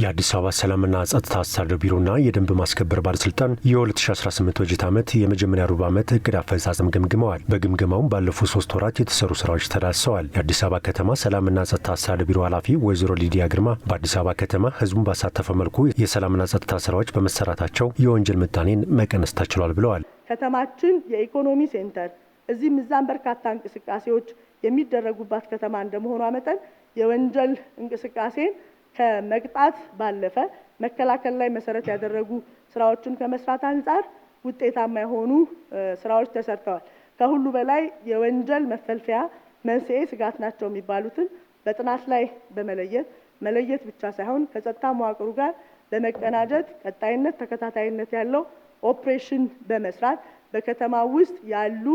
የአዲስ አበባ ሰላምና ጸጥታ አስተዳደር ቢሮና የደንብ ማስከበር ባለስልጣን የ2018 በጀት ዓመት የመጀመሪያ ሩብ ዓመት እቅድ አፈጻጸም ገምግመዋል። በግምገማውም ባለፉት ሶስት ወራት የተሰሩ ስራዎች ተዳስሰዋል። የአዲስ አበባ ከተማ ሰላምና ጸጥታ አስተዳደር ቢሮ ኃላፊ ወይዘሮ ሊዲያ ግርማ በአዲስ አበባ ከተማ ህዝቡን ባሳተፈ መልኩ የሰላምና ጸጥታ ስራዎች በመሰራታቸው የወንጀል ምጣኔን መቀነስ ተችሏል ብለዋል። ከተማችን የኢኮኖሚ ሴንተር እዚህም እዛም በርካታ እንቅስቃሴዎች የሚደረጉባት ከተማ እንደመሆኗ መጠን የወንጀል እንቅስቃሴን ከመቅጣት ባለፈ መከላከል ላይ መሰረት ያደረጉ ስራዎችን ከመስራት አንጻር ውጤታማ የሆኑ ስራዎች ተሰርተዋል። ከሁሉ በላይ የወንጀል መፈልፈያ መንስኤ ስጋት ናቸው የሚባሉትን በጥናት ላይ በመለየት መለየት ብቻ ሳይሆን ከጸጥታ መዋቅሩ ጋር በመቀናጀት ቀጣይነት፣ ተከታታይነት ያለው ኦፕሬሽን በመስራት በከተማ ውስጥ ያሉ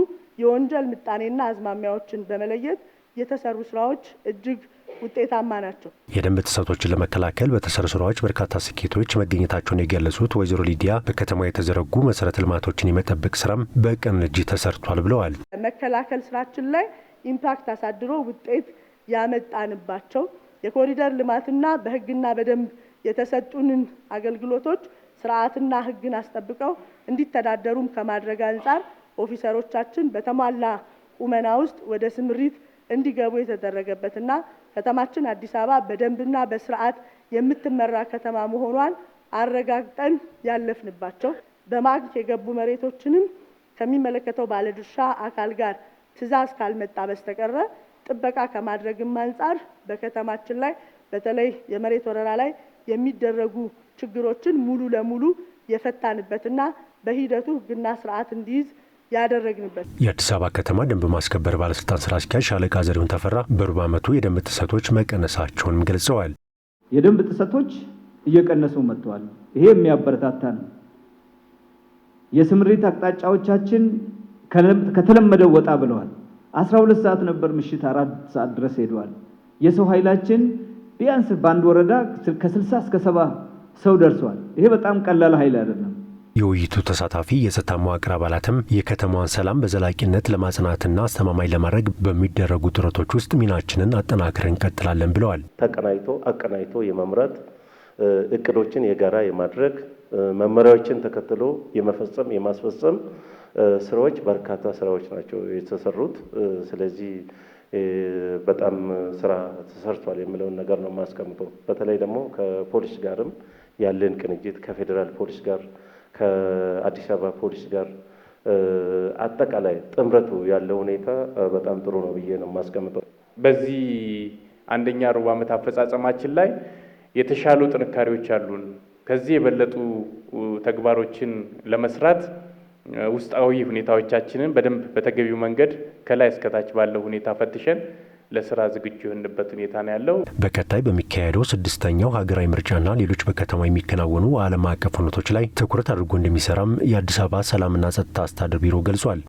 የወንጀል ምጣኔና አዝማሚያዎችን በመለየት የተሰሩ ስራዎች እጅግ ውጤታማ ናቸው። የደንብ ጥሰቶችን ለመከላከል በተሰሩ ስራዎች በርካታ ስኬቶች መገኘታቸውን የገለጹት ወይዘሮ ሊዲያ በከተማ የተዘረጉ መሰረተ ልማቶችን የመጠበቅ ስራም በቅንጅት ተሰርቷል ብለዋል። መከላከል ስራችን ላይ ኢምፓክት አሳድሮ ውጤት ያመጣንባቸው የኮሪደር ልማትና በህግና በደንብ የተሰጡንን አገልግሎቶች ስርዓትና ህግን አስጠብቀው እንዲተዳደሩም ከማድረግ አንጻር ኦፊሰሮቻችን በተሟላ ቁመና ውስጥ ወደ ስምሪት እንዲገቡ የተደረገበትና ከተማችን አዲስ አበባ በደንብና በስርዓት የምትመራ ከተማ መሆኗን አረጋግጠን ያለፍንባቸው በማግት የገቡ መሬቶችንም ከሚመለከተው ባለድርሻ አካል ጋር ትዕዛዝ ካልመጣ በስተቀረ ጥበቃ ከማድረግም አንጻር በከተማችን ላይ በተለይ የመሬት ወረራ ላይ የሚደረጉ ችግሮችን ሙሉ ለሙሉ የፈታንበትና በሂደቱ ሕግና ስርዓት እንዲይዝ ያደረግንበት የአዲስ አበባ ከተማ ደንብ ማስከበር ባለስልጣን ስራ አስኪያጅ ሻለቃ ዘሪሁን ተፈራ በሩብ ዓመቱ የደንብ ጥሰቶች መቀነሳቸውንም ገልጸዋል። የደንብ ጥሰቶች እየቀነሱ መጥተዋል። ይሄ የሚያበረታታ ነው። የስምሪት አቅጣጫዎቻችን ከተለመደው ወጣ ብለዋል። አስራ ሁለት ሰዓት ነበር ምሽት አራት ሰዓት ድረስ ሄደዋል። የሰው ኃይላችን ቢያንስ በአንድ ወረዳ ከስልሳ እስከ ሰባ ሰው ደርሰዋል። ይሄ በጣም ቀላል ኃይል አይደለም። የውይይቱ ተሳታፊ የጸጥታ መዋቅር አባላትም የከተማዋን ሰላም በዘላቂነት ለማጽናትና አስተማማኝ ለማድረግ በሚደረጉ ጥረቶች ውስጥ ሚናችንን አጠናክረን እንቀጥላለን ብለዋል። ተቀናይቶ አቀናይቶ የመምራት እቅዶችን የጋራ የማድረግ መመሪያዎችን ተከትሎ የመፈጸም የማስፈጸም ስራዎች በርካታ ስራዎች ናቸው የተሰሩት። ስለዚህ በጣም ስራ ተሰርቷል የምለውን ነገር ነው የማስቀምጠው። በተለይ ደግሞ ከፖሊስ ጋርም ያለን ቅንጅት ከፌዴራል ፖሊስ ጋር ከአዲስ አበባ ፖሊስ ጋር አጠቃላይ ጥምረቱ ያለው ሁኔታ በጣም ጥሩ ነው ብዬ ነው የማስቀምጠው። በዚህ አንደኛ ሩብ ዓመት አፈጻጸማችን ላይ የተሻሉ ጥንካሬዎች አሉን። ከዚህ የበለጡ ተግባሮችን ለመስራት ውስጣዊ ሁኔታዎቻችንን በደንብ በተገቢው መንገድ ከላይ እስከታች ባለው ሁኔታ ፈትሸን ለስራ ዝግጁ የሆንበት ሁኔታ ነው ያለው። በቀጣይ በሚካሄደው ስድስተኛው ሀገራዊ ምርጫና ሌሎች በከተማ የሚከናወኑ ዓለም አቀፍ ሁነቶች ላይ ትኩረት አድርጎ እንደሚሰራም የአዲስ አበባ ሰላምና ጸጥታ አስተዳደር ቢሮ ገልጿል።